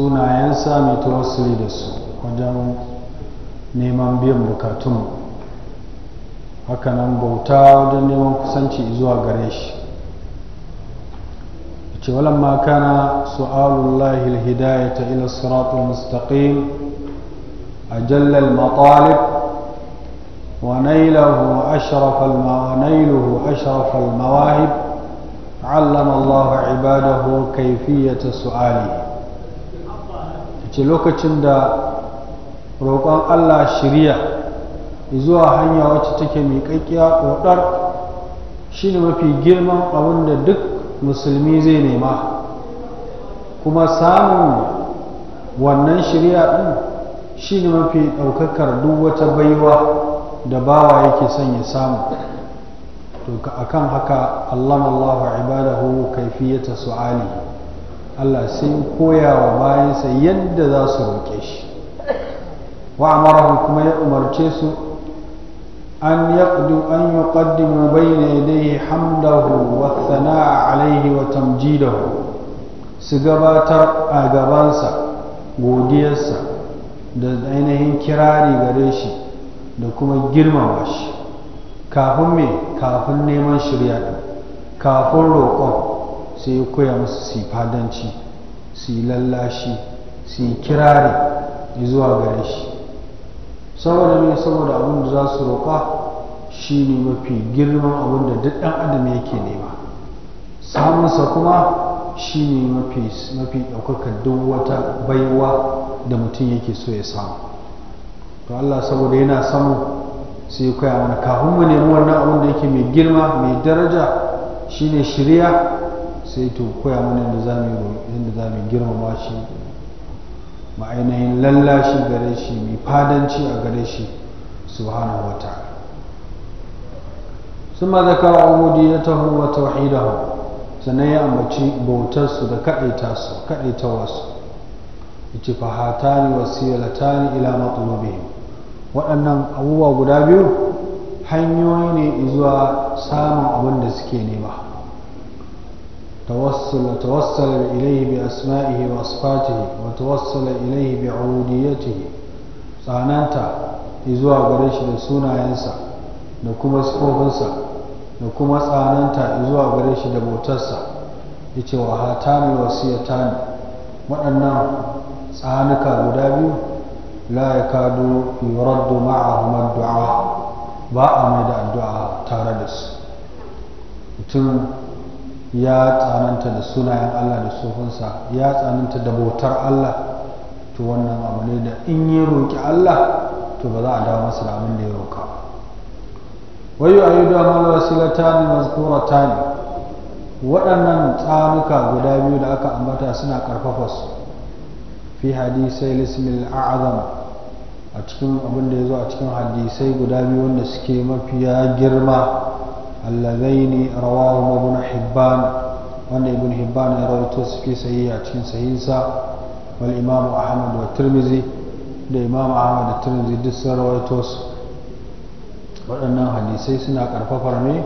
sunayensa mai tawassuli da su wajen neman biyan bukatunmu hakanan bauta wajen neman kusanci zuwa gare shi ce walamma kana su'alullahi alhidayata ila siratul mustaqim ajalla almatalib wa nailahu ashraf almawanailuhu ashraf almawahib علم الله عباده كيفية سؤاله ce lokacin da roƙon Allah shirya zuwa hanya wacce take miƙaƙƙiya ƙoɗar shi ne mafi girman abin da duk musulmi zai nema kuma samun wannan shirya ɗin shi ne mafi ɗaukakar duk wata baiwa da bawa yake son ya samu to akan haka allama allahu ibadahu kaifiyata su'alihi Allah sai koya wa bayansa yadda za su roƙe shi wa amarahu kuma ya umarce su an yaqdu an yuqaddimu bayna yadayhi hamdahu wa thana'a alayhi wa tamjidahu su gabatar a gabansa godiyarsa da ainihin kirari gare shi da kuma girmama shi kafin me kafin neman shirya kafin roƙon sai ya koya musu su fadanci su yi lallashi su yi kirari zuwa gare shi saboda ne saboda abin da za su roƙa shi ne mafi girman abin da duk ɗan adam yake nema samunsa kuma shi ne mafi ɗaukakar duk wata baiwa da mutum yake so ya samu to allah saboda yana samu sai ya koya mana kafin mu nemi wannan abin da yake mai girma mai daraja shi ne shirya sai to koya mana yadda za mu yadda za mu girmama shi ma'ainihin lallashi gare shi mai fadanci a gare shi subhanahu wa ta'ala sun ma zaka wa taho wa sannan ya ambaci bautarsu da kaɗaita su kaɗaita wasu yace fa hatani wasilatani ila matlubihim waɗannan abubuwa guda biyu hanyoyi ne zuwa samun abin da suke nema توصل وتوصل إليه بأسمائه وأصفاته وتوصل إليه بعبوديته tsananta zuwa gare shi da sunayensa da kuma tsofinsa da kuma tsananta zuwa gare shi da bautarsa ya ce wa hatami wasiyata ne waɗannan tsanuka guda biyu la ya kado yuraddu ma'ahumar du'a ba a mai da addu'a tare da su mutum ya tsananta da sunayen Allah da sofinsa ya tsananta da bautar Allah to wannan abu ne da in yi roƙi Allah to ba za a dawo masa da abin da ya roƙa wayo a yi damar wasilata ne mazkurata ne waɗannan tsamuka guda biyu da aka ambata suna ƙarfafa su fi hadisai lismil a'azam a cikin abin da ya zo a cikin hadisai guda biyu wanda suke mafiya girma اللذين رواهما ابن حبان وأن ابن حبان رويته في صحيح أتكين صحيحا والإمام أحمد والترمذي الإمام أحمد waɗannan hadisai suna ƙarfafar ne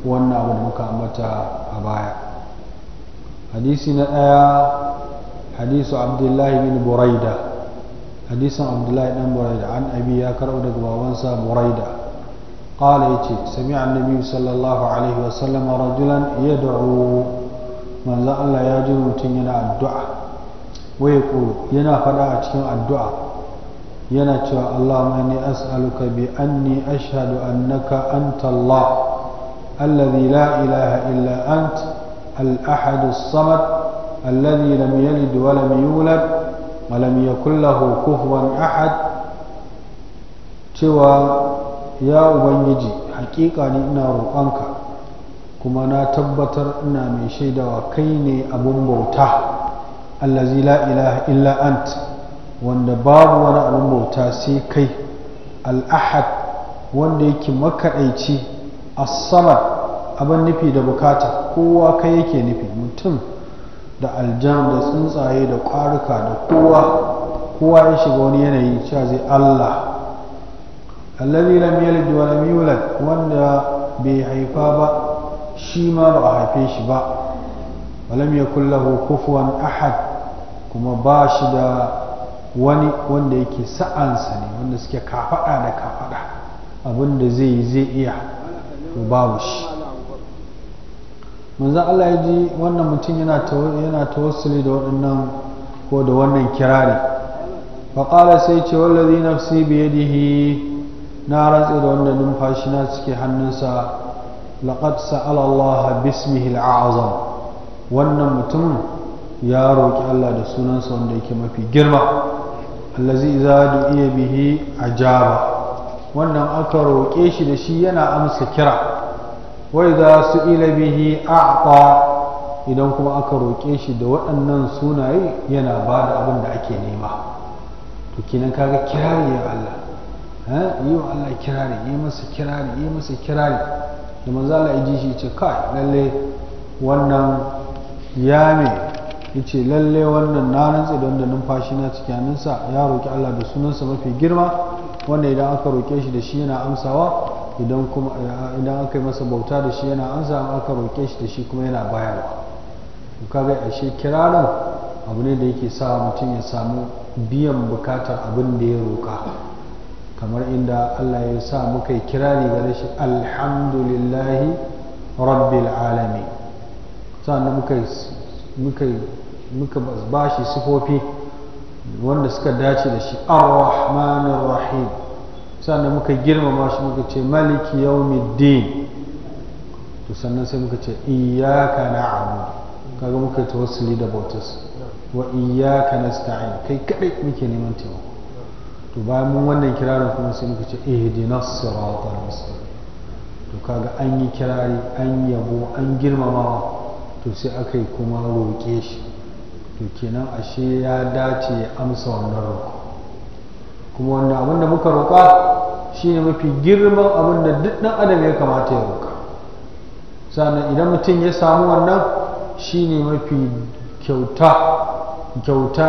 wannan abu da muka ambata a baya hadisi na ɗaya hadisu abdullahi bin buraida hadisan abdullahi ɗan buraida an abi ya karɓo daga babansa buraida قال يتي سمع النبي صلى الله عليه وسلم رجلا يدعو من ذا الله يجر متين ينا الدعاء ويقول ينا فدا cikin addu'a yana cewa Allah inni as'aluka bi anni ashhadu annaka antalla Allah la ilaha illa ant al-ahad as-samad alladhi lam yalid wa lam yulad wa lam ahad cewa ya ubangiji hakika ni ina roƙonka kuma na tabbatar ina mai shaidawa kai ne abin bauta allazi la ilaha illa ant wanda babu wani abin bauta sai kai al'ahad wanda yake makaɗaici asamar samad abin nufi da bukata kowa kai yake nufi mutum da aljan da tsuntsaye da ƙwaruka da kowa kowa ya shiga wani yanayi cewa zai allah allazi lam yalid wa lam yulad wanda bai haifa ba shi ma ba a haife shi ba walam yakul lahu kufuwan ahad kuma ba shi da wani wanda yake sa'ansa ne wanda suke kafada da kafada abinda zai yi zai iya to babu shi manzo Allah ya ji wannan mutum yana yana tawassuli da waɗannan ko da wannan kirari faƙala sai ce wallazi nafsi biyadihi na rantse da wanda numfashi na cike hannunsa laqad sa'ala Allah bismihi al'azam wannan mutum ya roki Allah da sunansa wanda yake mafi girma allazi idza du'iya bihi ajaba wannan aka roƙe shi da shi yana amsa kira wa idza su'ila bihi a'ta idan kuma aka roƙe shi da waɗannan sunaye yana ba da abin da ake nema to kinan kaga kirari ya Allah yi wa Allah kirari yi masa kirari yi masa kirari da manzo Allah ya ji shi ce kai lalle wannan ya me yace lalle wannan na rantsa don da numfashi na cikin hannunsa ya roki Allah da sunansa mafi girma wanda idan aka roke shi da shi yana amsawa idan kuma idan aka yi masa bauta da shi yana amsa aka roke shi da shi kuma yana bayarwa to kaga ashe kirarin abu ne da yake sa mutum ya samu biyan bukatar abin da ya roƙa. kamar inda Allah ya sa muka yi kirari gare shi alhamdulillahi rabbil alami sannan muka muka muka ba shi sifofi wanda suka dace da shi ar-rahmanir rahim sannan muka girmama shi muka ce maliki yawmiddin to sannan sai muka ce iyyaka na'budu kaga muka tawassuli da bautas wa iyyaka nasta'in kai kaɗai muke neman taimako to bayan mun wannan kirarin kuma sai muka ce eh dina siratal mustaqim to kaga an yi kirari an yabo an girmama, to sai aka yi kuma roƙe shi to kenan ashe ya dace ya amsa wannan roƙo kuma wannan abin da muka roƙa shine mafi girman abin da duk ɗan adam ya kamata ya roƙa sannan idan mutum ya samu wannan shine mafi kyauta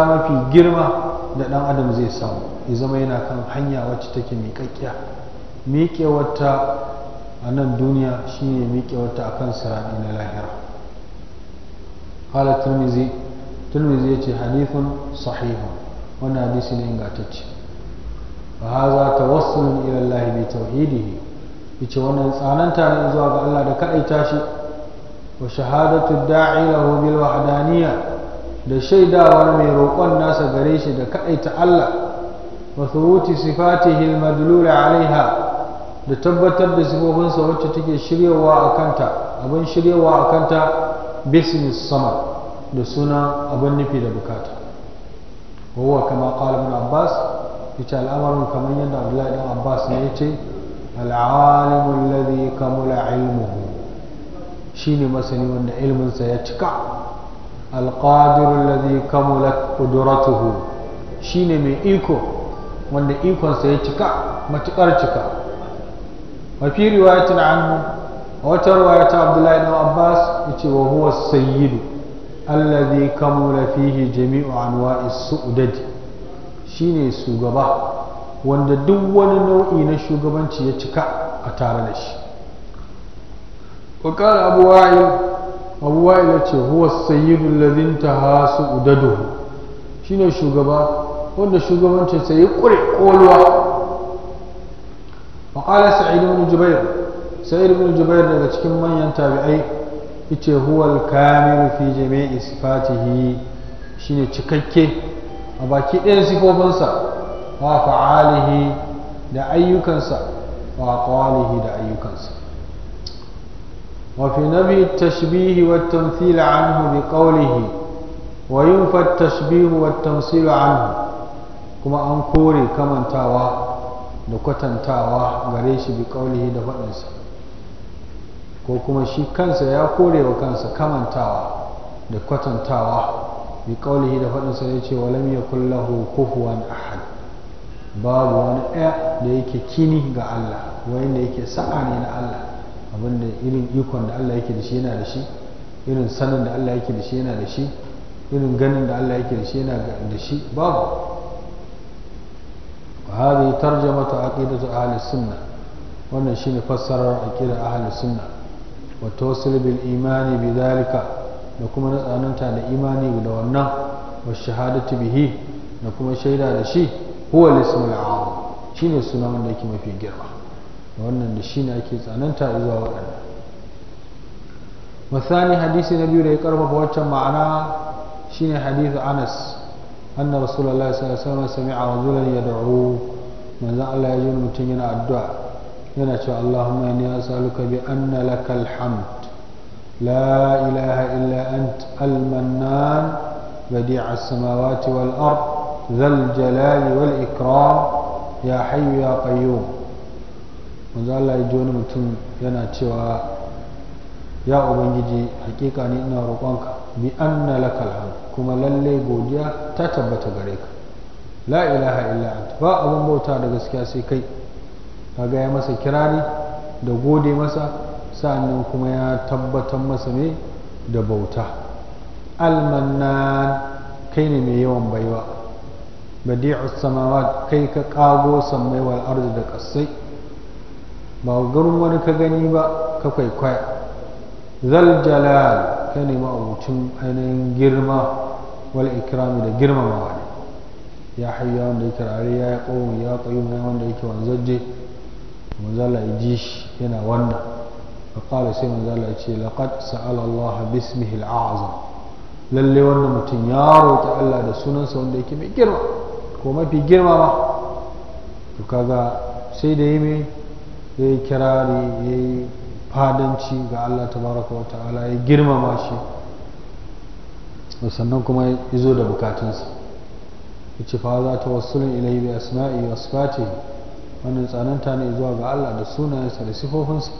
mafi girma da ɗan adam zai samu ya zama yana kan hanya wacce take miƙaƙƙiya miƙewarta a nan duniya shine miƙewarta a kan siraɗi na lahira ƙala turmizi turmizi ya ce hadithun sahihun wani hadisi ne ingantacce wa haza tawassulun ila Allah bi tauhidihi yace wannan tsananta ne zuwa ga Allah da kaɗaita shi wa shahadatu da'i lahu bil wahdaniyya da shaidawar mai roƙon nasa gare shi da kaɗaita Allah wa thubuti sifatihil madlula alaiha da tabbatar da sifofinsa wacce take shiryawa a kanta abin shiryawa a kanta business sama da suna abin nufi da bukata wawa kama qala ibn abbas yace al'amarin kamar yadda abdullahi dan abbas ne yace al'alimu alladhi kamula ilmuhu shine masani wanda iliminsa ya cika alƙadir alladhi kamulat qudratuhu shine mai iko wanda ikonsa ya cika matuƙar cika wa fi riwayatin anhu a ta riwaya Abdullahi ibn Abbas yace wa huwa sayyid alladhi kamula fihi jami'u anwa'i su'dad shine shugaba wanda duk wani nau'i na shugabanci ya cika a tare da shi wa qala abu wa'il abu ila ce huwa sayyidul ladhin Udado, udadu ne shugaba wanda shugabancin sai ya kure kolwa wa qala sa'id ibn jubair sa'id ibn jubair daga cikin manyan tabi'ai yace huwa al-kamil fi jami'i sifatihi shine cikakke a baki ɗayan sifofinsa wa fa'alihi da ayyukansa wa qawlihi da ayyukansa وفي نفي التشبيه والتمثيل عنه بقوله وينفى التشبيه والتمثيل عنه كما أنكوري كمن تاوى نكتن تاوى غريش بقوله دفنسا ko kuma shi kansa ya kore wa kansa kamantawa da kwatantawa bi kaulihi da faɗinsa ya ce walam ya kulla kufuwan ahad babu wani ɗaya da yake kini ga Allah wanda yake sa'a ne na Allah abinda irin ikon da Allah yake da shi yana da shi irin sanin da Allah yake da shi yana da shi irin ganin da Allah yake da shi yana da shi babu hadi tarjamatu aqidatu ahli sunna wannan shine fassarar aqidar ahli sunna wa tawsil bil imani bidhalika da kuma tsananta da imani da wannan wa shahadatu bihi da kuma shaida da shi huwa al-ismul azim shine sunan da yake mafi girma wannan da shine ake tsananta zuwa waɗanda wasani hadisi na biyu da ya karfafa waccan ma'ana shine hadisi anas anna rasulullahi sallallahu alaihi wasallam sami'a rajulan yad'u manzon Allah ya ji mutum yana addu'a yana cewa Allahumma inni as'aluka bi anna lakal hamd la ilaha illa ant al-mannan badi'a as-samawati wal ard ذا الجلال والإكرام يا حي يا قيوم manzo Allah ya ji wani mutum yana cewa ya ubangiji hakika ni ina roƙonka bi anna lakal kuma lalle godiya ta tabbata gare ka la ilaha ba abun bauta da gaskiya sai kai kaga gaya masa kirari da gode masa sa'annan kuma ya tabbatar masa ne da bauta almannan kai ne mai yawan baiwa badi'us samawat kai ka kago sammai wal ardi da kasai ba gurin wani ka gani ba ka kwaikwaya zal jalal ka nemi abucin ainihin girma wal ikrami da ma ne ya hayya wanda yake rare ya yi ƙohon ya ƙoyi mai wanda yake wanzaje manzala ya ji shi yana wannan faƙala sai manzala ya ce laƙad sa'ala Allah bismihil azam lalle wannan mutum ya roƙi Allah da sunansa wanda yake mai girma ko mafi girma ba to kaga sai da yi mai ya yi kirari ya yi fadanci ga Allah tabaraka wa ta'ala ya girmama shi sannan kuma ya zo da bukatunsa ya ce fa za ta wasulun ilahi bi asma'i wa sifatihi wannan tsananta ne zuwa ga Allah da sunayensa da sifofinsa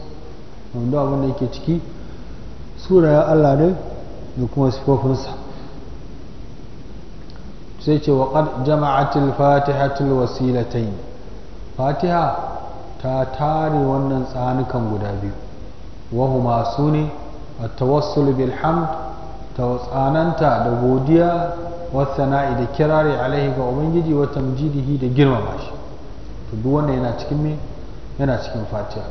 wanda abin da yake ciki sunayen Allah ne da kuma sifofinsa sai ce wa qad jama'atil fatihatul fatiha ta tare wannan tsanukan guda biyu wahuma masu ne a tawassul bil hamd ta tsananta da godiya wasana'i da kirari alaihi ga ubangiji wata tamjidihi da girmama shi to duk wannan yana cikin me yana cikin fatiha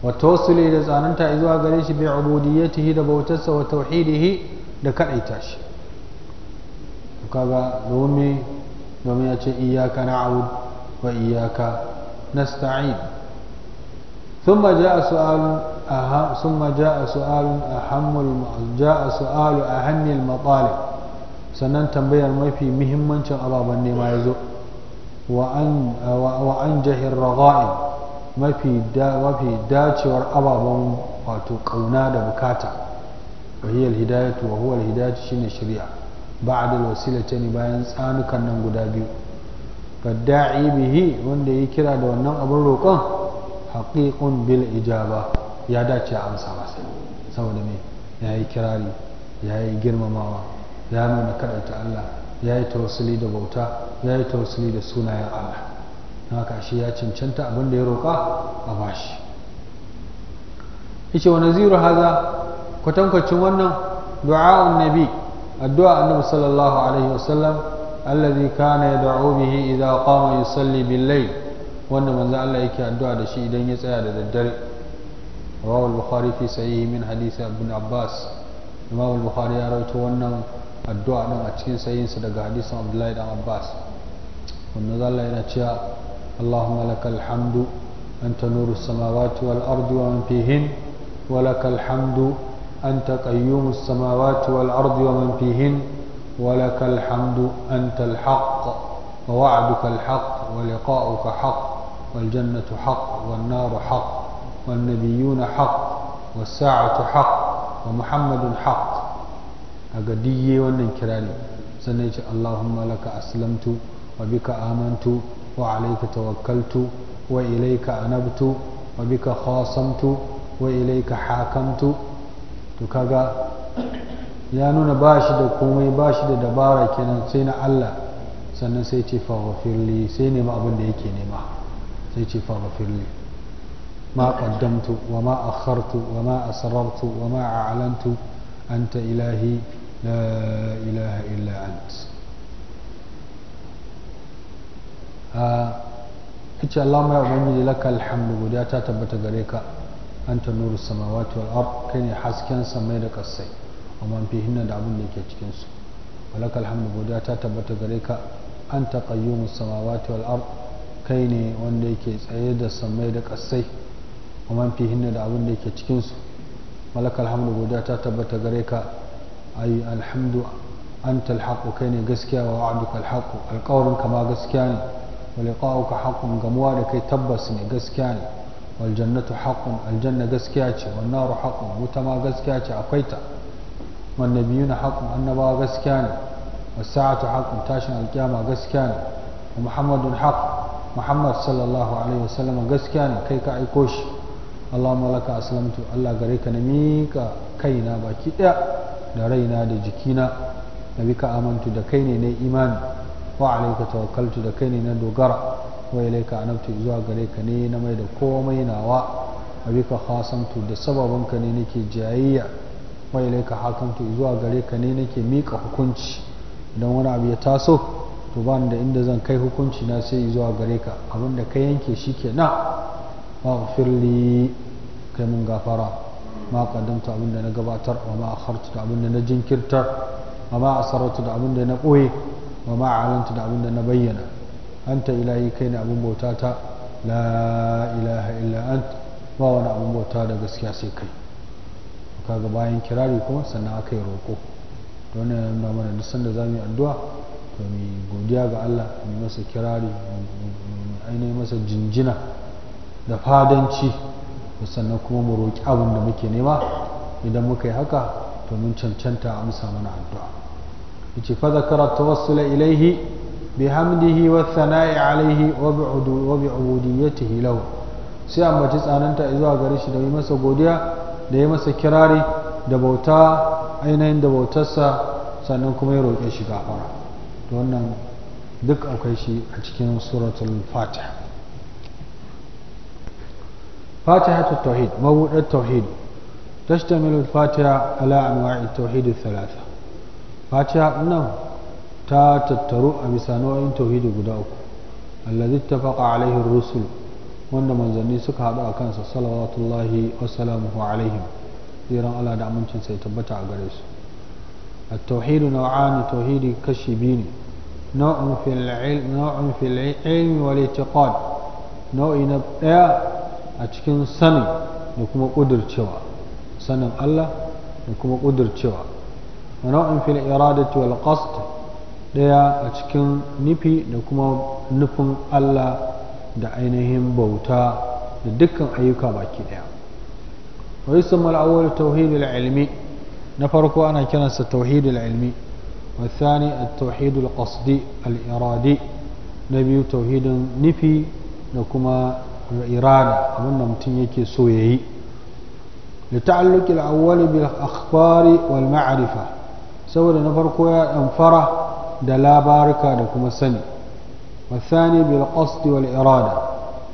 wa da tsananta zuwa gare shi bi ubudiyyatihi da bautarsa wa tauhidihi da kadaita shi kaga domin domin ya ce iyyaka na'bud wa iyyaka نستعين ثم جاء سؤال أهم ثم جاء سؤال أهم الم... sannan tambayar mafi muhimmancin ababen nema ya zo wa an jahir raga'in mafi dacewar ababen wato kauna da bukata wa hiyar hidayatu wa huwar hidayatu shine shari'a ba'da wasilata ne bayan tsanukan nan guda biyu fadda'i bihi wanda ya kira da wannan abin roƙon haƙiƙun bil ijaba ya dace a amsa masa saboda me ya yi kirari ya yi girmamawa ya nuna kaɗanta Allah ya yi tawassuli da bauta ya yi tawassuli da sunayen Allah na haka shi ya cancanta abin da ya roƙa a bashi yace wa naziru haza kwatankwacin wannan du'a'un nabi addu'a annabi sallallahu alaihi wasallam alladhi kana yad'u bihi idha qama yusalli bil layl wannan Allah yake addu'a da shi idan ya tsaya da daddare rawahu al-bukhari fi min hadith abbas imam ya rawaito wannan addu'a din a cikin sahihin sa daga hadisin abdullah ibn abbas wannan Allah yana cewa allahumma lakal hamdu anta nuru samawati wal ardi wa man fihin wa lakal hamdu anta qayyumus samawati wal ardi wa man fihin ولك الحمد أنت الحق ووعدك الحق ولقاؤك حق والجنة حق والنار حق والنبيون حق والساعة حق ومحمد حق أقدي وننكراني سنيت اللهم لك أسلمت وبك آمنت وعليك توكلت وإليك أنبت وبك خاصمت وإليك حاكمت تكاغا ya nuna ba shi da komai ba shi da dabara kenan sai na Allah sannan sai ce faghfirli sai nema abin da yake nema sai ce faghfirli ma qaddamtu wa ma akhartu wa ma asrartu wa ma a'lantu anta ilahi la ilaha illa ant kace Allah mai ubangiji laka alhamdu godiya ta tabbata gare ka anta nuru samawati wal ard kai ne hasken samai da kasai amma fi hinna da abin da yake cikinsu. su walaka alhamdu godiya ta tabbata gare ka an ta qayyumu samawati wal ard kai ne wanda yake tsaye da samai da kasai amma fi hinna da abin da yake cikinsu. su walaka alhamdu godiya ta tabbata gare ka ay alhamdu anta alhaqu kai ne gaskiya wa wa'duka alhaqu alqawlun kama gaskiya ne wa liqa'uka haqqun gamuwa da kai tabbas ne gaskiya ne والجنة حق الجنة قسكياتي والنار حق متما قسكياتي أقيتا biyu والنبيون حق النبا غسكان والساعة حق تاشن القيامة غسكان ومحمد حق محمد صلى الله عليه وسلم غسكان كيك أيكوش اللهم لك أسلمت na mika kaina baki ɗaya, da raina da jikina na bika amantu da kaine ne na imani wa alaika tawakkaltu da kaine na dogara wa ilaika anabtu zuwa gare ka ne na mai da komai nawa wa bika khasamtu da sababinka ne nake jayayya wai hakan to zuwa gare ka ne nake mika hukunci idan wani abu ya taso to ba da inda zan kai hukunci na sai zuwa gare ka abin ka yanke shi ke na ba firli kai mun gafara ma kaddamta abin da na gabatar wa ma akhartu da abin na jinkirtar wa ma asarartu da abin na koye wa ma alanta da abin na bayyana anta ilahi kai ne abin bautata ta la ilaha illa ant ba wani abin bauta da gaskiya sai kai kaga bayan kirari kuma sannan aka yi roƙo don yana mana nisan sanda za mu yi addu'a to mu godiya ga Allah mu masa kirari mu ainihin masa jinjina da fadanci sannan kuma mu roƙi abin da muke nema idan muka yi haka to mun cancanta amsa mana addu'a yace fa zakara tawassul ilaihi hamdihi wa thana'i alaihi wa bi'udu wa ta lahu sai ambaci tsananta zuwa gare shi da yi masa godiya da ya masa kirari da bauta ainihin da bautarsa sannan kuma ya roƙe shi gafara to wannan duk akwai shi a cikin suratul fatiha fatiha ta tauhid mabuɗar tauhid tashtamilu fatiha ala anwa'i tawhid thalatha fatiha nan ta tattaru a bisa nau'in tauhidi guda uku allazi ittafaqa alaihi rusul wanda manzani suka haɗu a kansa salawatullahi wasalamuhu alaihim tsiran Allah da amincinsa sai tabbata a gare su a tauhidu nau'ani tauhidi kashi biyu ne nau'in fil'ilmi wal itiqad nau'i na ɗaya a cikin sanin da kuma ƙudurcewa sanin nau'in fil ɗaya a cikin nufi da kuma nufin Allah da ainihin bauta da dukkan ayyuka baki daya wa yusamma al-awwal tauhid ilmi na farko ana kiransa tauhid ilmi wa thani a tauhid al-qasdi al-iradi na biyu tauhidin nufi da kuma irada abinda mutum yake so yayi bil الأول wal والمعرفة saboda na farko ya ɗamfara da labarika da kuma sani والثاني بالقصد والإرادة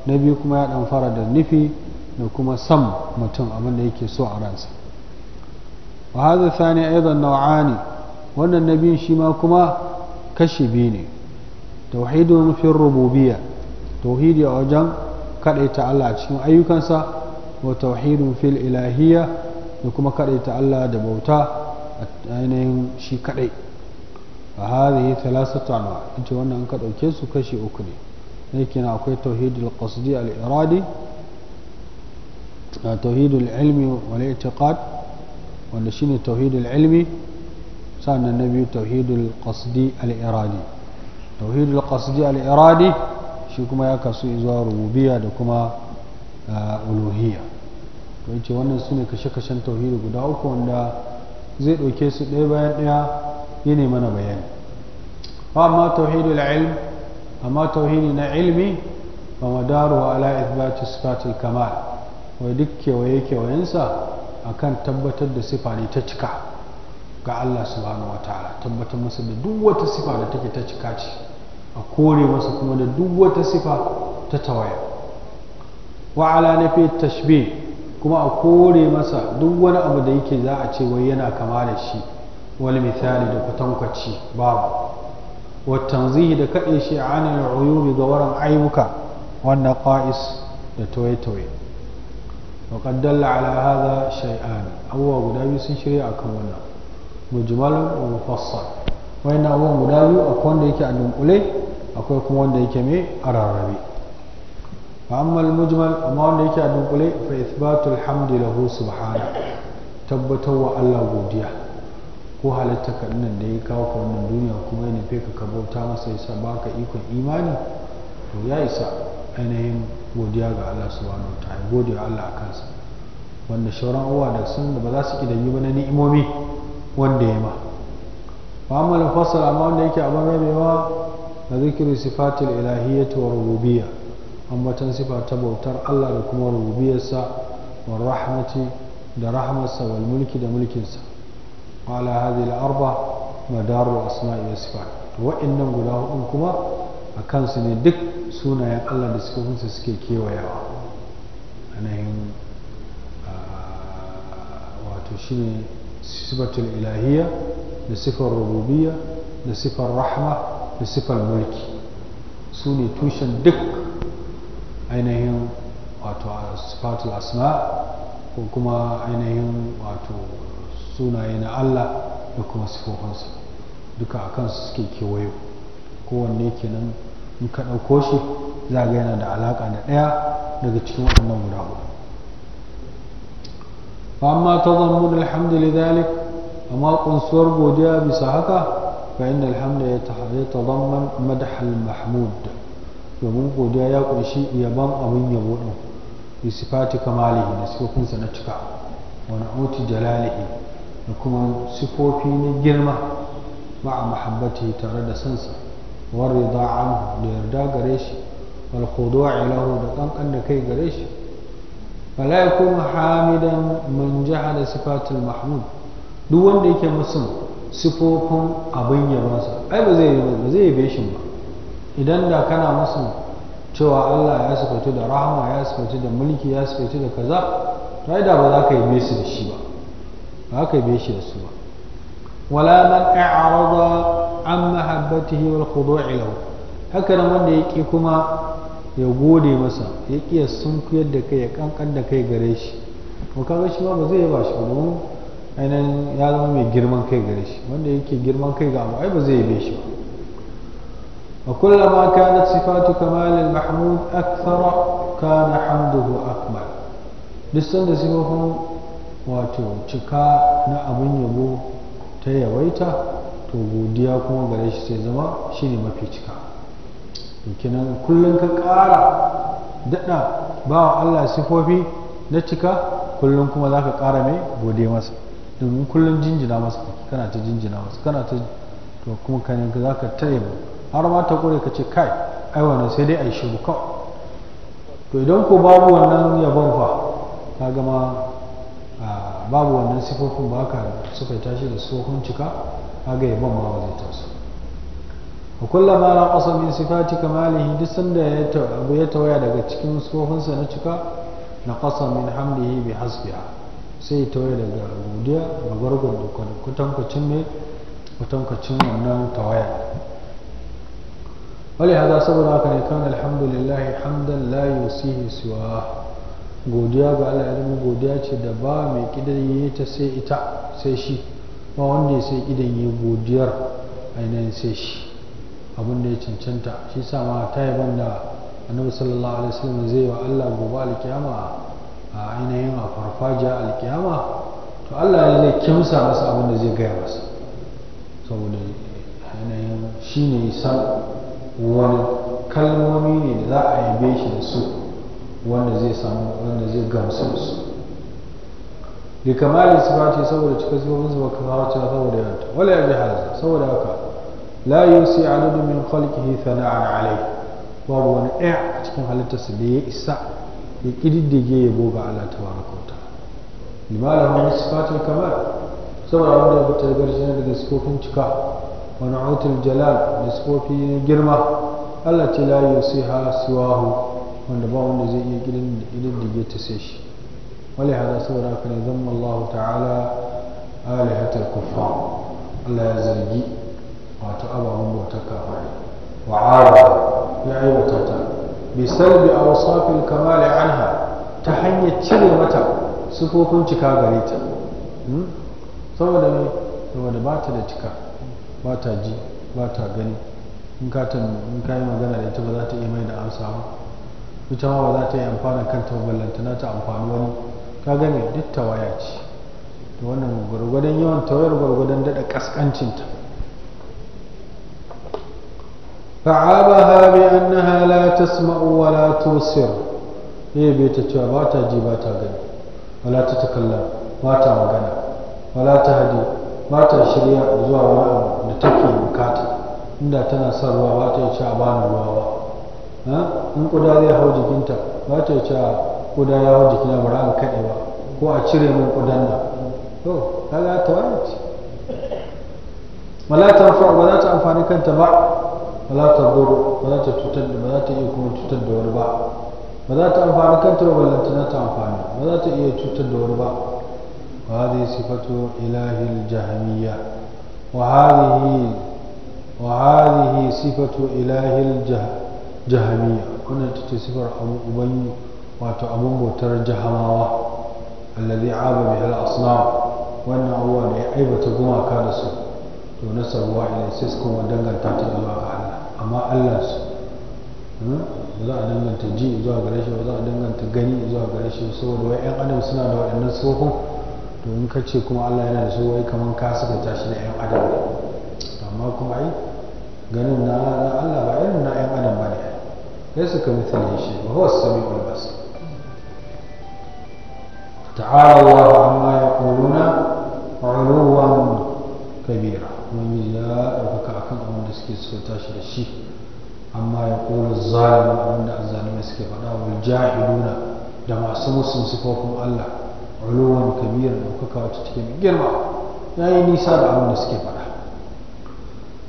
نبيكم يا أنفرد النفي نكما سم متم أمن يكي سوء رأسه وهذا الثاني أيضا نوعان وأن النبي شما كما كشبيني توحيد في الربوبية توحيد أوجن كرئت الله أتشم أيكنسا وتوحيد في الإلهية نكما كرئت الله دبوتا ainihin shi kadai fa hadhihi thalathatu anwa ce wannan ka dauke su kashi uku ne yake na akwai tauhidul qasdi al iradi tauhidul ilmi wal i'tiqad wanda shine tauhidul ilmi sannan na biyu tauhidul qasdi al iradi tauhidul qasdi al iradi shi kuma ya kasu zuwa rububiyya da kuma uluhiyya to yace wannan sune kashe-kashen tauhidi guda uku wanda zai dauke su ɗaya bayan ɗaya ne mana bayani fa amma tauhidul ilm amma tauhidi na ilmi fa madaru ala ithbati sifatil kamal wai duk kewaye kewayensa akan tabbatar da sifa ne ta cika ga Allah subhanahu wataala tabbatar masa da duk wata sifa da take ta cika ce a kore masa kuma da duk wata sifa ta tawaya wa ala nafi tashbih kuma a kore masa duk wani abu da yake za a ce wai yana kama da shi wani misali da kwatankwaci babu wata da kaɗe shi a anil uyubi ga wurin ayyuka wanda qais da toye-toye wa qaddalla ala hadha shay'an awwa guda biyu sun shirya akan wannan mujmal wa mufassal wayan awwa guda biyu akwai wanda yake a dunkule akwai kuma wanda yake me a rarrabe fa amma al amma wanda yake a dunkule fa ithbatul hamdi lahu subhana tabbatar wa Allah godiya ko halitta ka nan da ya kawo ka wannan duniya kuma ya nufe ka ka bauta masa ya ba ka ikon imani to ya isa ainihin godiya ga Allah subhanahu ta yi godiya Allah a kansa wanda shauran uwa da sun da ba za su idan yi ba na ni'imomi wanda ya ma ma'amala fasal amma wanda yake abin rabewa na zikirin sifatil ilahiyyatu wa rububiyya ambatan sifa ta bautar Allah da kuma rububiyarsa wa rahmati da rahmarsa wal mulki da mulkinsa وعلى هذه الأربعة مدار الأسماء والصفات وإنهم قلوا أنكما أكان سندك سونا يا الله دسكوفن سسكي كي ويا أنا هم آه، واتوشيني صفة الإلهية لصفة الربوبية لصفة الرحمة لصفة الملك سوني توشن دك أين هم واتو صفات الأسماء وكما أين هم واتو sunaye na Allah da kuma sifofinsa duka a kansu suke kewayo kowanne kenan in ka ɗauko shi za ga yana da alaƙa da ɗaya daga cikin waɗannan guda hudu fa amma tazammun alhamdulillah amma kunsuwar godiya bisa haka fa inna alhamda ya tazamman madhal mahmud domin godiya ya kunshi yaban abin yabo din bi sifati kamalihi da sifofinsa na cika wani jalali jalalihi da kuma sifofi na girma ma'a mahabbati tare da sansa war da da yarda gare shi wal a ilahu da kankan da kai gare shi ya kuma hamidan man da sifatul mahmud duk wanda yake musun sifofin abin yabonsa ai ba zai ba shi ba idan da kana musu cewa Allah ya sifatu da rahama ya sifatu da mulki ya sifatu da kaza to da ba za ka yi su da shi ba ba haka bai shi da su ba wala man a'rada an mahabbatihi wal khudu'i lahu haka nan wanda ya ki kuma ya gode masa ya ki ya sunkuyar da kai ya kankan da kai gare shi to kaga shi ma ba zai ba shi ba domin ya zama mai girman kai gare shi wanda yake girman kai ga abu ai ba zai yabe shi ba وكلما كانت صفات كمال المحمود أكثر كان حمده أكمل لسان صفوفهم wato cika na abin yabo ta yawaita to godiya kuma gare shi sai zama shi ne mafi cika kenan kullum ka ƙara daɗa ba wa Allah sifofi na cika kullum kuma za ka ƙara mai gode masa domin kullum jinjina masa kana ta jinjina masa kana ta to kuma ka za ka tare mu har ma ta kure ka ce kai ai wannan sai dai ai shiru kawai to idan ko babu wannan yabon fa ka gama babu wannan sifofin ba ka suka tashi da sifofin cika ga yabon ma ba zai taso a kulla ba na qasa min sifati kamalihi duk sanda ya abu ya tawaya daga cikin sifofinsa na cika na qasa min hamdihi bi hasbiha sai tawaya daga godiya ga gwargwar dukkan kutankwacin mai kutankwacin wannan tawaya hada saboda haka ne kan alhamdulillahi hamdan حمدا لا siwa godiya ga Allah ya zama godiya ce da ba mai kidan ta sai ita sai shi ba wanda ya sai kidan yi godiyar ainihin sai shi abin da ya cancanta shi sa ma ta yi banda annabi sallallahu alaihi wasallam zai wa Allah gobe alkiyama a ainihin a farfajiya alkiyama to Allah ya zai kimsa masa abin da zai gaya masu saboda ainihin shi ne san wani kalmomi ne da za a yabe shi da su wanda zai samu wanda zai gamsu da su bi kamalin sifati saboda cika sifofin sa kama wacce saboda yanta wala ya jahaza saboda haka la yusi adadu min khalqihi thana'an alayhi babu wani ɗaya a cikin halittarsa da ya isa ya kididdige yabo ga Allah tabaraka wa ta'ala limala hum sifatul kamar saboda wanda ya fitar garshen daga sifofin cika wani autul jalal da sifofi girma Allah ce la yusiha siwahu wanda ba wanda zai iya ƙididdige ta sai shi wale hada saboda haka ne zama Allah ta'ala alihatar kufa Allah ya zargi wato ababen bautar kafare wa ara ya aiwata ta bi salbi a wasafin kamali anha ta hanyar cire mata sufofin cika gare ta hmm? saboda ne saboda ba ta da cika ba ta ji ba ta gani in ka yi magana da ita ba za ta iya mai da amsa ba ita ma ba za ta yi amfana kanta ballantana ta amfani wani ka gane duk tawaya ce da wannan gwargwadon yawan tawayar gwargwadon daɗa ƙasƙancinta fa'abaha an na halata su ma'uwa la tusir ya eh, bai ta cewa ba ta ji ba ta gani ba ta takalla ba ta magana ba ta hadi ba ta shirya zuwa wani abu da take bukata inda tana son ruwa ba ta yi cewa ba ruwa ba in kuda zai hau jikinta ba ta ce kuda ya hau jikina ba ra'an kaɗe ba ko a cire min kudan nan to kaga ta wani ce wala ta ba za ta amfani kanta ba wala ta ba za ta cutar da ba za ta iya kuma cutar da wani ba ba za ta amfani kanta ba na ta amfani ba za ta iya cutar da wani ba وهذه صفة إله الجهمية وهذه وهذه صفة إله الجهمية jahamiya wannan ta ce sifar abu ubangi wato abin bautar jahamawa allazi aba bi al asnam wannan abuwa da ya aibata gumaka da su to na sarwa ila sai su kuma danganta ta zuwa ga Allah amma Allah su hmm? ba za a danganta ji zuwa gare shi ba za a danganta gani zuwa gare shi saboda wai yan adam suna da waɗannan sofin to in ka ce kuma Allah yana da su wai kamar ka suka tashi da yan adam amma kuma ai ganin na Allah ba irin na yan adam ba ne ليس كمثله شيء وهو السميع البصير تعالى الله عما يقولون علوا كبيرا ومن ربك أكن أمن دسكيس فتاشر الشيء أما يقول الظالم أمن دعزان مسكي فدا والجاهدون دمع سمس سفوكم الله علوا كبيرا وككا وتتكي من جرمع يعني نيسا دعون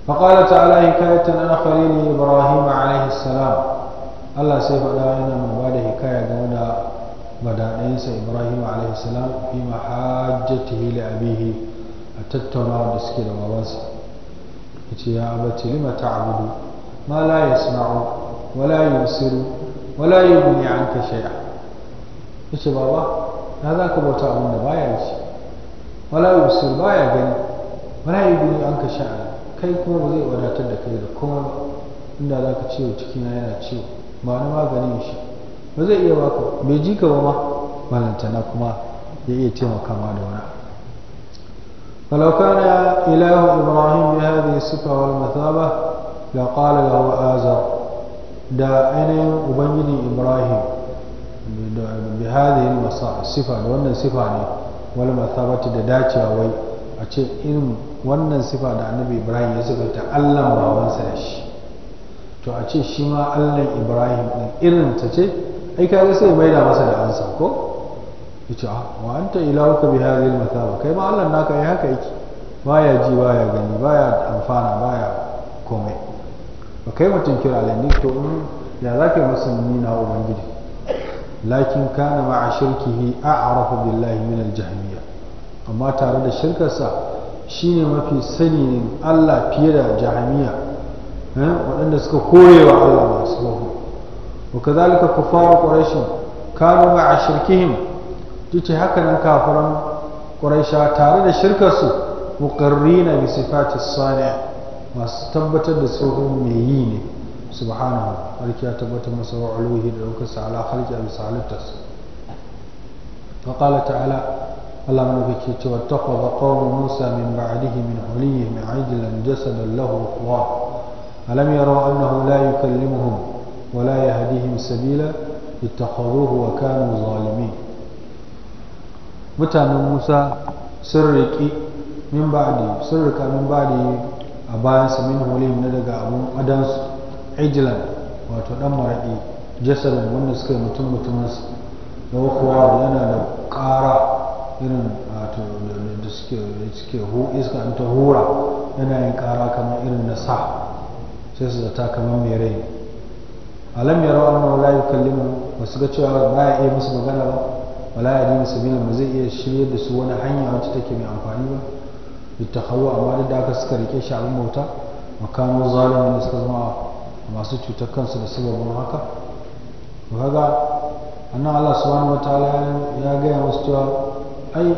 فقال تعالى حكاية أنا خليل إبراهيم عليه السلام Allah sai faɗa yana mai ba da hikaya game da badaɗayensa Ibrahim a.s. fi mahajjatihi li abihi a tattauna da suke da babansa ce ya abace lima abudu ma la yasma'u wa la yusiru wa la yughni anka shay'a yace baba na za ka bauta abin da la ci wala ba ya gani wala yughni anka shay'a kai kuma ba zai wadatar da kai da kuma? inda za ka wa cikina yana ciwo ma'ana maganin shi ba zai iya baka mai ji gaba ma malantana kuma ya iya tema kama da wuna alaukana ilahu ibrahim ya haɗe su kawar mata ba ga ƙala ga wa da ainihin ubangiji ibrahim da bi sifa da wannan sifa ne wani mata da dacewa wai a ce irin wannan sifa da annabi ibrahim ya sifar Allah allan bawansa da shi to a ce shi ma allan ibrahim ɗin irin ta ce ai kaga sai mai da masa da ansa ko ya ce ah, wa ila ka bi zai mata ba kai ma allan naka ya haka yake ya ji ba ya gani ba ya amfana ba ya komai ba kai mutum kira ni to in ya zaka musulmi na ubangiji lakin kana a shirkihi aa billahi min al amma tare da shirkarsa shine mafi sani Allah fiye da jahmiya waɗanda suka korewa Allah masu wahu wa kazalika kufaru quraish kanu ma'a shirkihim tuce haka nan kafiran quraisha tare da shirkar su muqarrina bi sifati sani masu tabbatar da tsohon mai yi ne subhanahu barki ya tabbatar masa wa uluhi da daukar sa ala khalqi al salatas wa qala ta'ala Allah mana kake cewa taqwa qawmu Musa min ba'dihi min huliyyi min ajlan jasadan lahu qawwa ألم يروا أنه لا يكلمهم ولا يهديهم سبيلا اتخذوه وكانوا ظالمين mutanen Musa sun riƙi min ba'di sun riƙa min ba'di a bayansa min hulim na daga abun adansu ijilan wato ɗan maraƙi jasalin wanda suka yi mutum yana da ƙara irin wato da suke iska in ta hura yana yin ƙara kamar irin na sa sai su zata kamar mai rai alam yarau annahu la yukallimu wasu ga cewa ba ya iya musu magana ba wala yadi sabila ba zai iya shirye da su wani hanya wacce take mai amfani ba litakhawu amma da aka suka rike shi abin bauta makamu zalimin da suka zama masu cutar kansu da babban haka to kaga annan Allah subhanahu wataala ya gaya musu cewa ai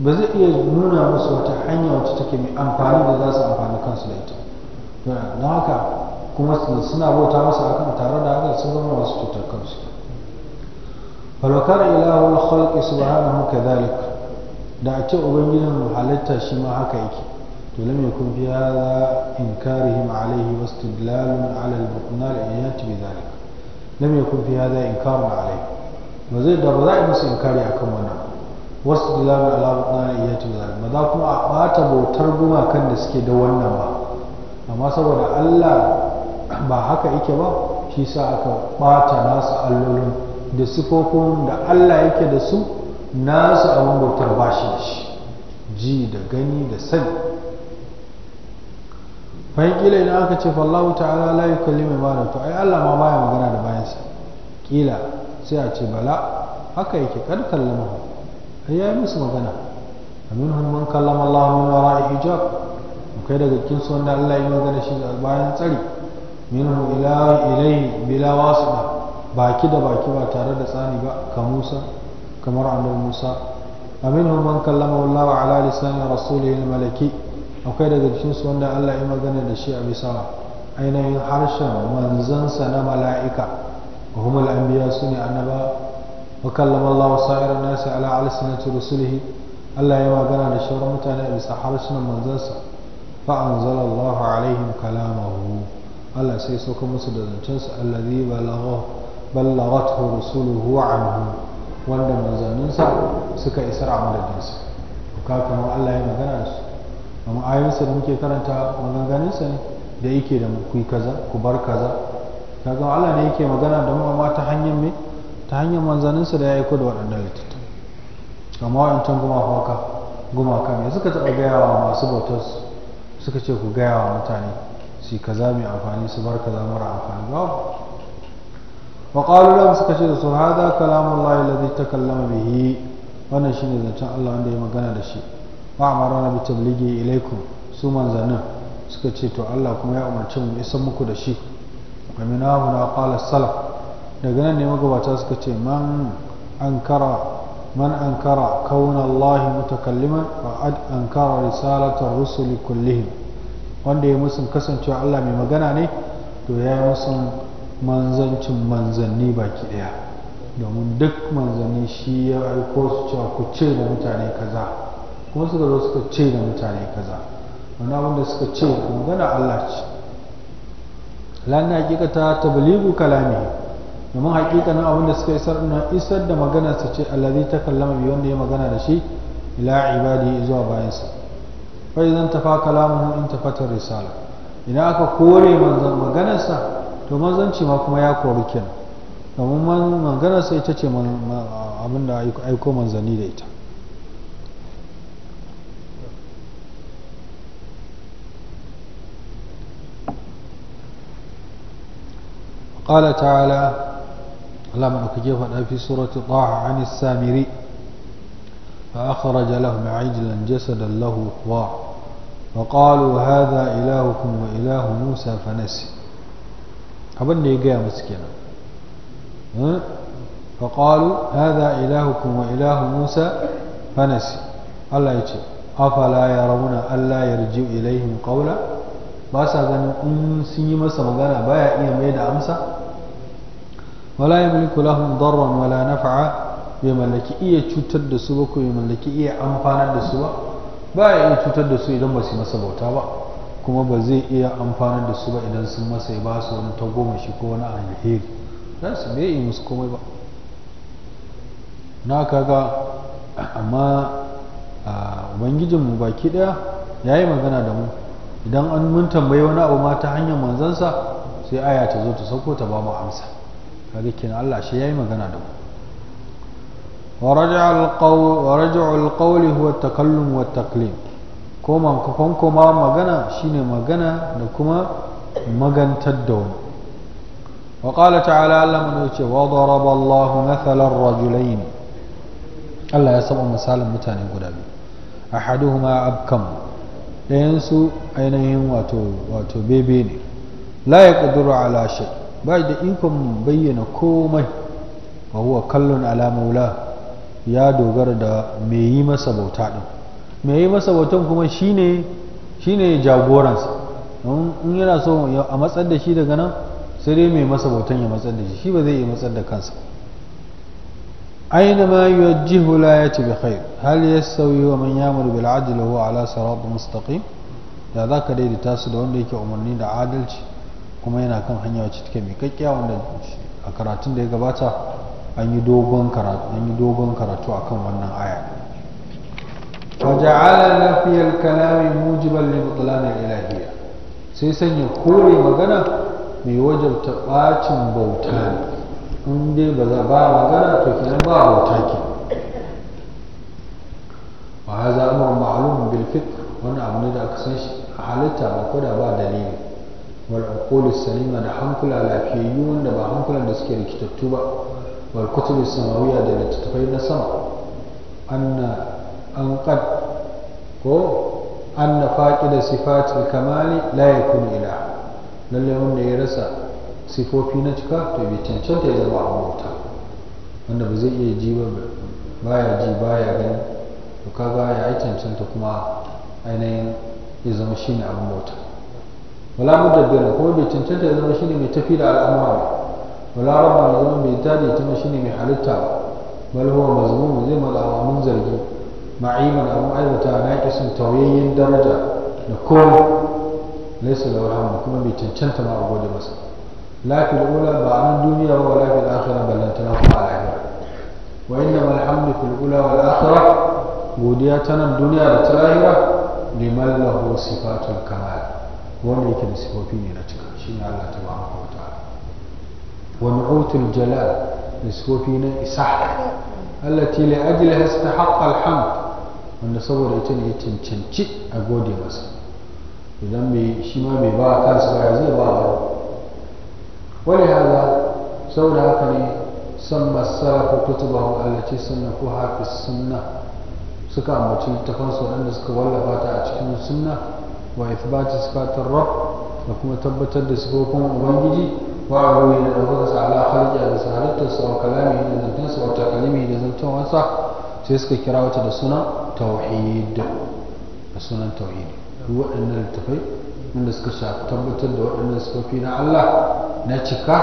ba zai iya nuna musu wata hanya wacce take mai amfani da za su amfani kansu da ita don haka kuma suna bauta masa a akan tare da haka sun zama masu cutar kansu falwakar ilahul khalqi subhanahu kadhalik da a ce ubangijin halitta shi ma haka yake to lam yakun fi hadha inkarihim alayhi wa istidlalun ala al-buqnal ayati bi dhalik lam yakun fi hadha inkarun alayhi ba zai da ba za a yi musu inkari akan wannan wasu dilalar ala buqnal ayati bi dhalik ba za kuma a bata bautar gumakan da suke da wannan ba amma saboda Allah ba haka yake ba shi sa aka ɓata nasu allolin da sifofin da Allah yake da su nasu abin bautar ba shi da shi ji da gani da sani fahim kila idan aka ce fallahu ta'ala la ba da to ai Allah ma baya magana da bayansa kila sai a ce bala haka yake kan kallama ai yi musu magana nuna hannun kallama Allah min wara'i hijab akwai daga cikin su wanda Allah ya magana shi da bayan tsari minhu ila ilayhi bila wasita baki da baki ba tare da tsani ba ka Musa kamar annabi Musa aminhu man kallama Allah ala lisani rasulihi malaki akwai daga cikin su wanda Allah ya magana da shi a bisa ainihin harshen manzansa na mala'ika wa humul anbiya sune annaba wa kallama Allah sa'iran nasi ala alsinati rusulihi Allah ya magana da shauran mutane a bisa harshen manzansa فأنزل الله عليهم كلامه ألا سيسوك مسد الجنس الذي بلغه بلغته رسوله عنه وند مزاننسا سكا إسرع من الجنس وكاكما الله يمغنس أما آيان سنمكي كانت magana da yake da ku kaza ku bar kaza kaga Allah ne yake magana da mu amma ta hanyar me ta hanyar manzaninsa da ya aiko da waɗannan littattafai amma wa'ancan gumaka gumaka ne suka taɓa gaya wa masu bautarsu suka ce ku gaya wa mutane shi kaza mai amfani su bar kaza mara amfani ba? wa qalu suka ce da su hada ta alladhi takallama bihi wannan shi ne zancen Allah wanda ya magana da shi Ba wa na bi tablighi ilaikum su manzannin suka ce to Allah kuma ya umarci mu isan muku da shi wa minahuna qala salaf daga nan ne magabata suka ce man من أنكر كون الله متكلما فقد أنكر رسالة الرسل كلهم wanda ya musun kasancewa Allah mai magana ne to ya yi musun manzancin manzanni baki ɗaya. domin duk manzanni shi ya aiko su cewa ku ce da mutane kaza kuma suka zo suka ce da mutane kaza wani abin da suka ce ku magana Allah ce lan hakika ta tabligu kalami domin hakikanin abin da suka isar na isar da magana su ce allazi ta kallama bi wanda ya magana da shi ila ibadi zuwa bayansa fa idan tafa kalamuhu in tafata risala idan aka kore manzon maganarsa to manzanci ma kuma ya kori kenan domin maganarsa ita ce abin da aiko manzanni da ita قال تعالى Allah maɗaukake faɗa fi surati ta'a an samiri fa akhraja lahum ajlan jasadan lahu wa وقالوا هذا إلهكم وإله موسى فنسي abin da ya gaya musu kenan hmm? faƙalu haza ilahukum wa ilahu musa fanasi allah ya ce afala ya rauna allah ya riji ilaihim ƙaula ba sa ganin in sun yi masa magana baya iya mai da amsa wala yamliku lahum darran wala naf'a bai mallaki iya cutar da su ba ko bai mallaki iya amfanar da su ba ba ya iya cutar da su idan ba su masa bauta ba kuma ba zai iya amfanar da su ba idan sun masa ya ba su wani tagomashi ko wani alheri za su bai yi musu komai ba na kaga amma ubangijinmu baki daya ya yi magana da mu idan an mun tambayi wani abu ma ta hanyar manzansa sai aya ta zo ta sauko ta ba mu amsa kaga kenan Allah shi yayi magana da ku ورجع القول ورجع القول هو التكلم والتقليم magana shine magana da kuma magantar da wani وقال تعالى Allah mun yace وضرب الله مثلا الرجلين Allah ya saba misalin mutane guda biyu ahaduhuma abkam ɗayan ainihin wato wato bebe ne la yaqdiru ala shi ba da ikon bayyana komai ba huwa kallon alamula ya dogara da mai yi masa bauta ɗin mai yi masa bautan kuma shine shine jagoransa in yana so a matsar da shi daga nan sai dai mai masa bautan ya matsar da shi shi ba zai iya matsar da kansa أينما يوجه لا يأتي بخير هل يستوي ومن يأمر بالعدل وهو على صراط مستقيم da za ka daidaita su da wanda yake umarni da adalci kuma yana kan hanya wacce take mai kakkiya wanda a karatun da ya gabata an yi dogon karatu an yi dogon karatu akan wannan aya faja'ala al-kalam mujiban li butlan ilahiyya sai sanya kore magana mai wajen bacin bauta in dai ba za ba magana to kenan ba bauta ke wa hadha amrun ma'lum bil fiqh wannan abu ne da aka san shi a halitta ba ko da ba dalili wal aqulu salima da hankula lafiyayyu wanda ba hankulan da suke rikitattu ba wal kutubi samawiya da littattafai na sama anna an qad ko anna da sifatil kamali la yakunu ila lalle wanda ya rasa sifofi na cika to bai cancanta ya zama a mota wanda ba zai iya ji ba baya ji baya gani to kaga ya cancanta kuma ainihin ya zama shine abin mota ولا بد من هو بيتنتهي هذا المشين بيتفي على الأمر ولا ربنا يوم بيتالي تمشين بحالته بل هو مزموم زي ما الله منزل جي من أو أيضا تانيك اسم طويين درجة نكون ليس له الحمد كما بيتنتهي ما أقول بس لكن الأولى بعد الدنيا ولا في الآخرة بل أن تنفع عليها وإنما الحمد في الأولى والآخرة وديتنا الدنيا والآخرة لمن له صفات الكمال wanda yake da sifofi ne na cika shi ne Allah ta baraka wa ta'ala wa nu'utul jalal da sifofi na isa allati li ajliha istahaqqa alhamd wanda saboda ita ne ya cancanci a gode masa idan me shi ma me ba kansa ba zai ba ba wani hada saboda haka ne san samma salafu kutubahu allati sunnafuha fi sunna suka ambaci littafan su suka wallafa ta a cikin sunna wa ithbati sifatir rabb da kuma tabbatar da sifofin ubangiji wa ruwi da sa ala kharija da sahalarta sa wa kalami da zantan sa wa takalimi da zantan wasa sai suka kira wata da suna tauhid da sunan tauhid duk waɗannan littafai wanda suka shafi tabbatar da waɗannan sifofi na Allah na cika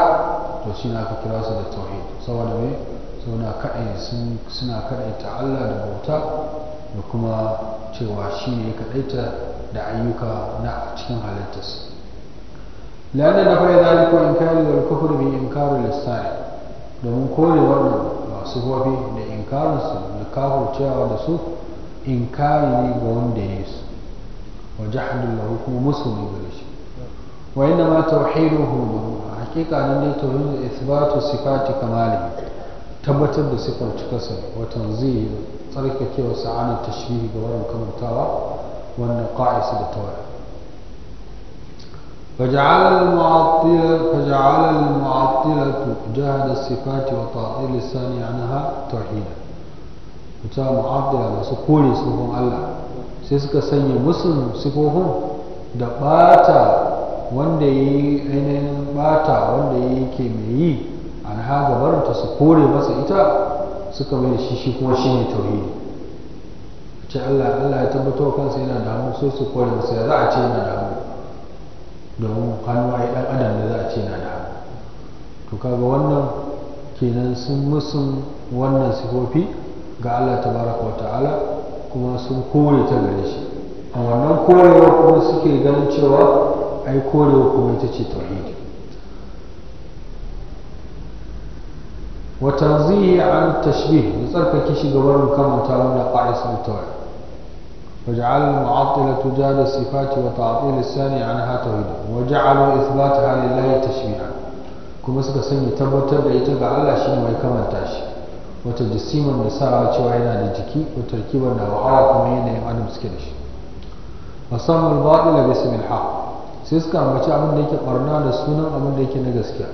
to shi na aka kira su da tauhid saboda me suna kaɗai suna ta Allah da bauta da kuma cewa shi ne kaɗaita da ayyuka na cikin halittarsa lana na fara zai ko kai da kufur bi karu lissani domin kore wannan masu hobi da in inkarinsu da kafurcewa da su in kari ne ga wanda ya yi su wa jahadun da kuma musulmi gare shi wa inna ma tauhiduhu a hakika nan dai tauhidu ithbatu sifati kamali tabbatar da sifar watan wa tanzihi tsarkakewa sa'anar tashiri ga wurin kamantawa والنقائص بتوعه فجعل المعطلة فجعل المعطلة جهد الصفات وتعطيل الثاني عنها توحيدا وتا معطلة وسكوني صفهم الله سيسك سني مسلم صفهم دباتا وندي اين باتا وندي كيمي عن هذا برمت سكوني بس إتا سكوني شيشي كون شيني توحيدي ce Allah Allah ya tabbatar kansa yana damu sai su kore masa ya za a ce yana damu domin hannu ai dan adam da za a ce yana damu to kaga wannan kenan sun musun wannan sifofi ga Allah tabaraka wa ta'ala kuma sun kore ta gare shi a wannan korewa kuma suke ganin cewa ai korewa kuma ita ce tauhidi wa tanzihi an tashbih da tsarkake shi gabarin kamanta wanda qa'is mutawai وجعل المعطلة جاد الصفات وتعطيل الثاني عنها توحيدا وجعلوا إثباتها لله تشبيها كما سكسن يتبتر بإيتك على شيء ما يكمل تاشي wata jisiman da sa cewa yana da jiki wata rikibar da wa'awa kuma yanayin adam suke da shi musamman baɗila bai su milha sai suka ambaci yake ɓarna da sunan abinda yake na gaskiya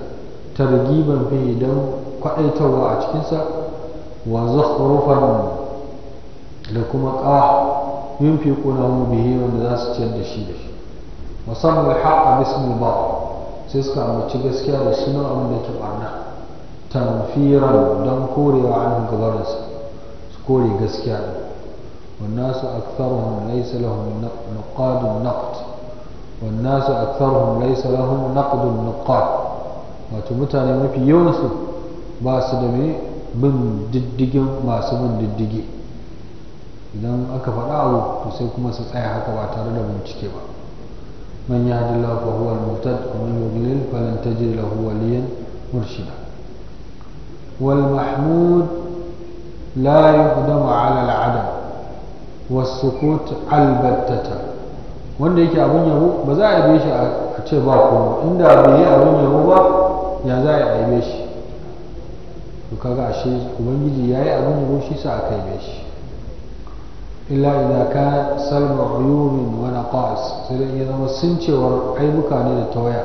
ta rigiban idan kwaɗaitarwa a cikinsa wa zakhrufan da kuma ƙah yunfiquna mu bihi wanda za su ciyar da shi da shi wa samu haqa bismi ba sai suka ambaci gaskiya da sunan abin da ke barna tanfiran don korewa an gabarinsa su kore gaskiya والناس أكثرهم ليس لهم نقاد النقد والناس أكثرهم ليس لهم نقد النقاد wato mutane mafi yawansu ba su da mai bin diddigin masu bin diddigi idan aka faɗa abu to sai kuma su tsaya haka ba tare da bincike ba man ya hadi lafa huwa al-muhtad yi man yudlil falan tajid huwa liyan murshida wal mahmud la yuqdamu ala al-adam wasu sukut albattata wanda yake abin yabo ba za a yabe shi a ce ba kuma inda bai yi abin yabo ba ya za a yabe shi to kaga ashe ubangiji yayi abin da shi sa aka yi shi illa idza ka salma uyumin wa naqas sai ya zama sun sincewar aibuka ne da tawaya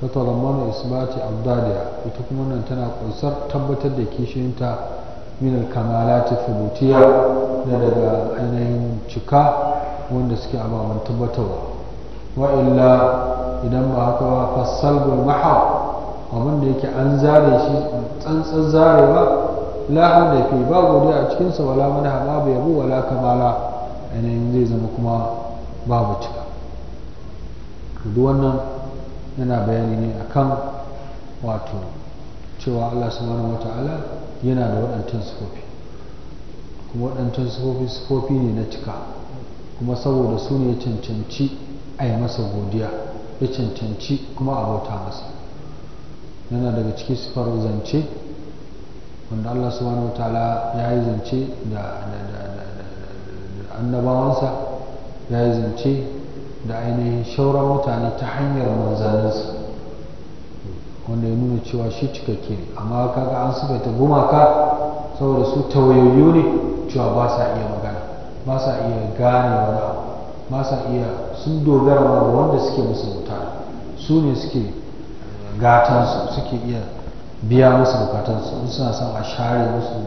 ta talammana isbati abdaliya ita kuma nan tana kunsar tabbatar da kishinta min al-kamalati thubutiya Da daga ainihin cika wanda suke ababen tabbatarwa wa illa idan ba haka ba fasalbul mahab abin da yake an zare shi san zarewa la hadafi ba godiya a cikin cikinsa wala haba babu yabo wala kamala ainihin zai zama kuma babu cika duk wannan yana bayani ne akan wato cewa Allah subhanahu wata'ala yana da waɗancan sufofi kuma waɗancan sifofi, sufofi ne na cika kuma saboda su ne ya cancanci a yi masa godiya ya cancanci kuma a bauta masa yana daga cikin sifar zance wanda Allah subhanahu wa ta'ala ya yi zance da annabawansa ya yi zance da ainihin shauran mutane ta hanyar manzaninsa wanda ya nuna cewa shi cikakke ne amma kaga an sifaita gumaka saboda su tawayoyi ne cewa ba sa iya magana ba sa iya gane wani abu ba sa iya sun dogara wanda suke musu mutane su ne suke gatansu suke iya biya musu bukatansu in suna son a share musu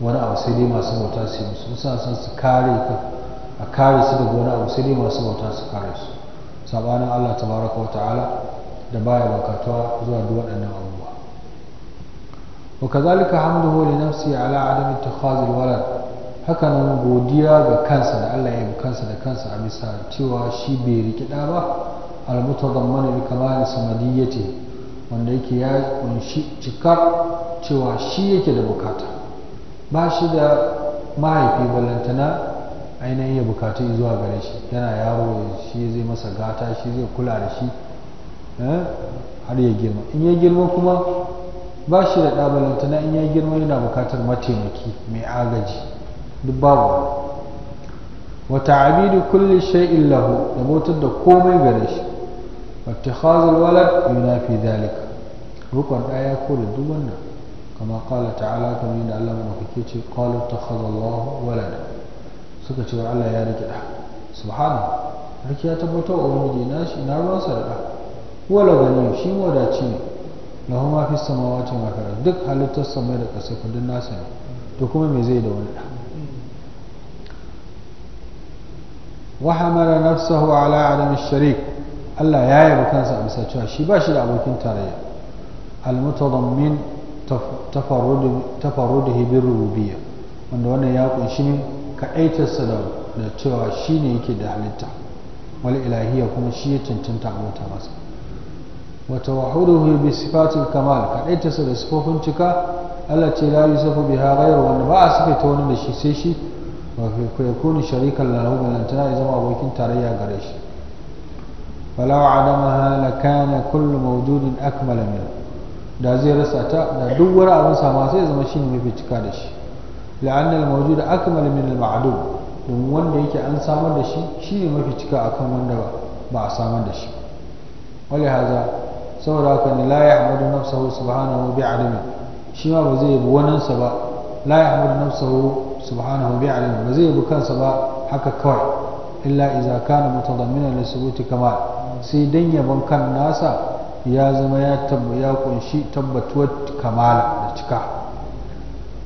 wani abu sai dai masu bauta su yi musu in suna son su kare ka a kare su daga wani abu sai dai masu bauta su kare su sabanin Allah tabaraka wa ta'ala da baya bukatuwa zuwa duk waɗannan abubuwa wa kazalika hamduhu li nafsi ala adam ittikhazil walad haka nan godiya ga kansa da Allah ya yi kansa da kansa a bisa cewa shi bai riki ɗa ba al-mutadammana bi kamali samadiyyati wanda yake ya kunshi cikar cewa shi yake da bukata ba shi da mahaifi ballantana ainihin ya bukatu zuwa gare shi yana yaro shi zai masa gata shi zai kula da shi eh, har ya girma in ya girma kuma ba shi da ɗabalantana in ya girma yana bukatar mataimaki mai agaji duk babu wata abidu kulle shay'in lahu da motar da komai gare shi واتخاذ الولد ينافي ذلك ركن آية كل الدمنا كما قال تعالى كم من في وفكيتي قال اتخذ الله ولدا سكت على يا رجل سبحانه الله ركيا تبتو أمودي ناش إن الله سرقا ولا بنيم شيء ولا شيء له في السماوات ما في الأرض دك هل تسمير قصف الناس تكون مزيد ولد وحمل نفسه على عدم الشريك Allah ya yaba kansa amsa cewa shi ba shi da abokin tarayya almutadammin tafarrudihi bir rububiyya wanda wannan ya kunshi ne kadaitarsa da da cewa shi ne yake da halitta wal ilahiyya kuma shi ya cancanta wata masa wa tawahhuduhu bi sifatil kamal kadaitarsa da sifofin cika Allah ce la yusafu biha ghayru wanda ba a sifaita wani da shi sai shi wa yakunu sharikan lahu balantana ya zama abokin tarayya gare shi فلو عدمها لكان كل موجود أكمل منه da zai rasa ta da duk wani abin sama sai zama shi ne mafi cika da shi la'anna al-mawjud akmal min al-ma'dum don wanda yake an samar da shi shi ne mafi cika akan wanda ba a samar da shi wale haza saboda haka ne la ya'budu nafsahu subhanahu bi adami shi ma ba zai yi waninsa ba la ya'budu nafsahu subhanahu bi adami ba zai yi kansa ba haka kawai illa idza kana mutadamminan li subuti kamal sai dan yabon kan nasa ya zama ya tabbu ya kunshi tabbatuwar kamala da cika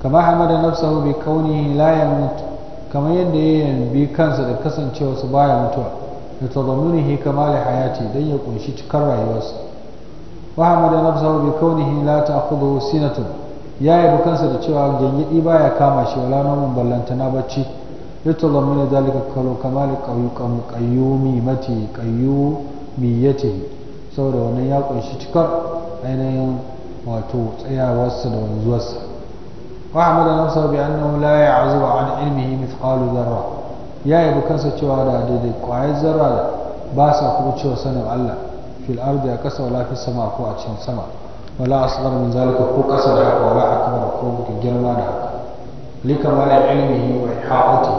kama hamada nafsahu bi kaunihi la yamut kamar yadda ya yambi kansa da kasancewa su baya mutuwa da tazamunihi kamali hayati dan ya kunshi cikar rayuwarsa wa hamada nafsahu bi kaunihi la ta'khudhu sinatu ya yabi kansa da cewa gengedi baya kama shi wala namun ballantana bacci ya tazammuna zalika kalu kamali qayyumi mati qayyu ce saboda wannan ya kunshi cikar ainihin wato tsayawarsa da wanzuwarsa wa hamada nafsa bi annahu la ya'zubu wani ilmihi mithqalu dharra ya yabi kansa cewa da daidai kwayar zarra ba sa kuma cewa sanin Allah fil ardi a kasa wala fi sama ko a cikin sama wala asghar min zalika ko kasa da haka wala akbar ko girma da haka likamala ilmihi wa ihaqati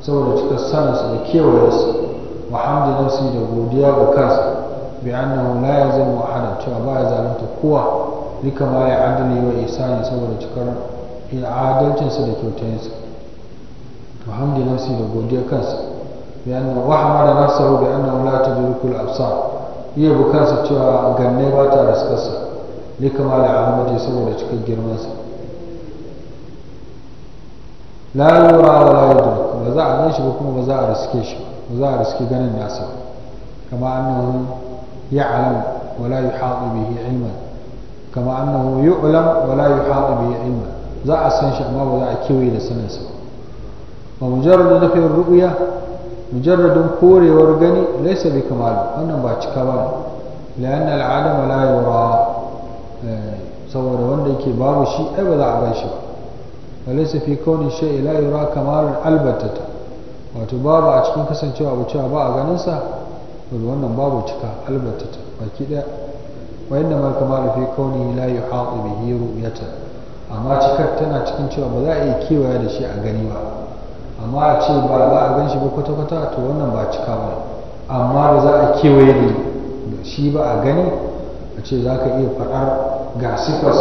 saboda cikar sanarsa da kewayensa wa hamdu nafsi da godiya ga kansa bi annahu ya zalunta kowa duka ma adalcinsa da kyautayinsa to hamdu nafsi da godiya kansa bi ganne ba ta raskarsa duka da saboda cikar girmansa la ba za a gan shi ba kuma ba za a riske shi za a riski ganin nasa kama annahu ya'lam wa la yuhatu bihi ilman kama annahu yu'lam wa la yuhatu bihi ilman za a san shi amma ba za a kewaye da sanin sa ba mujarradu nafi ru'ya mujarradun korewar gani laysa bi wannan ba cika ba la anna al'adama la yura eh, saboda wanda yake babu shi ai ba za a gan shi ba وليس في كون الشيء لا يرى كمال البتة wato babu a cikin kasancewa ba cewa ba a ganinsa to wannan babu cika ta baki daya wa inna ma kamalu fi kauni la yuhatu bihi ru'yata amma cikar tana cikin cewa ba za a iya kewaya da shi a gani ba amma a ce ba za a ganshi ba kwata kwata to wannan ba cika ba amma ba za a kewaye da shi ba a gani a ce za ka iya faɗar ga sifas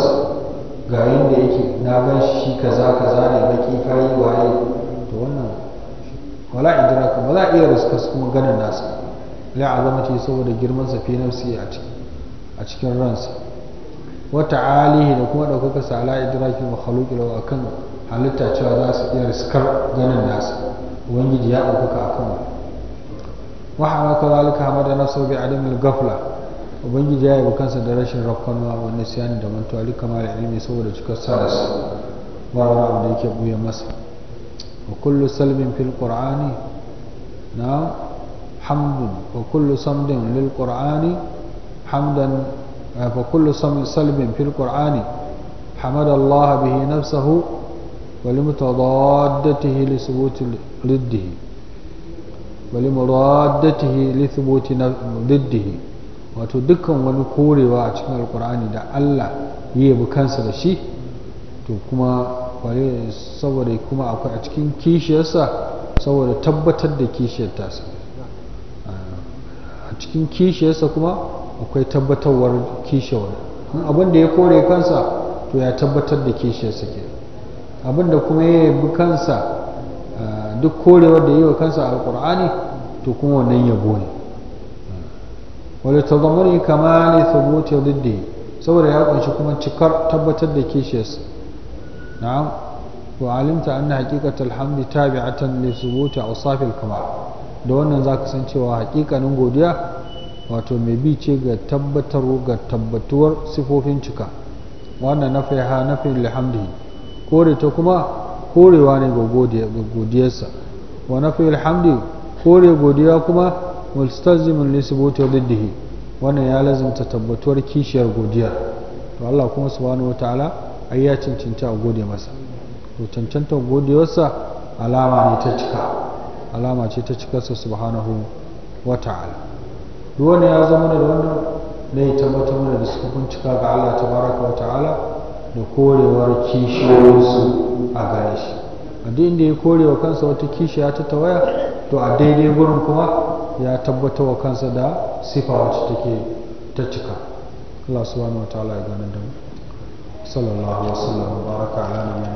ga yadda yake na gan shi kaza kaza ne baki kayi waye wala idraka ba za a iya riskar kuma ganin nasa la ce saboda girman sa fi nafsi a cikin ransa wata ta'alihi da kuma daukaka sa la idraki makhluqi law akan halitta cewa za su iya riskar ganin nasa ubangiji ya daukaka akan wa hawa kazalika hamada nafsu bi adamil ghafla ubangiji ya yi kansa da rashin rafkanwa wa nisyani da mantuwa kamar ilimi saboda cikar sa da su ba wani abu da yake buya masa وكل سلب في القرآن نعم حمد وكل صمد للقرآن حمدا فكل سلب في القرآن حمد الله به نفسه ولمتضادته لثبوت ضده ولمرادته لثبوت ضده wato dukkan wani korewa a cikin alkur'ani da Allah ya yabi kansa da shi to kuma bare saboda kuma akwai a cikin kishiyarsa saboda tabbatar da kishiyar tasa a cikin kishiyarsa kuma akwai tabbatarwar kishiyar abin da ya kore kansa to ya tabbatar da kishiyarsa ke abin da kuma ya yabi kansa duk korewar da ya yi wa kansa a alkur'ani to kuma wannan yabo ne wani ta zama ne kama ne saboda ya kunshi kuma cikar tabbatar da kishiyarsa na'am wa alimta anna haqiqatul hamdi tabi'atan li thubuti awsafil kamal da wannan zaka san cewa haƙiƙanin godiya wato mai bi ce ga tabbatar ga tabbatuwar sifofin cika wannan nafiha nafin lihamdihi kore ta kuma korewa ne ga godiyarsa wa nafi alhamdi kore godiya kuma mulstazimin li subuti diddihi wannan ya lazimta tabbatuwar kishiyar godiya to Allah kuma subhanahu wataala ai ya cancanta a gode masa to cancantar godewarsa alama ne ta cika alama ce ta cikarsa subhanahu wa ta'ala duk wani ya zama da wannan na yi tabbata mana da suka cika ga Allah baraka wa ta'ala da korewar kishiyoyinsu a gare shi a duk inda ya korewa kansa wata kishi ya tattawaya to a daidai gurin kuma ya tabbata wa kansa da sifa wacce take ta cika Allah subhanahu wa ta'ala ya gane da mu صلى الله وسلم وبارك على نبينا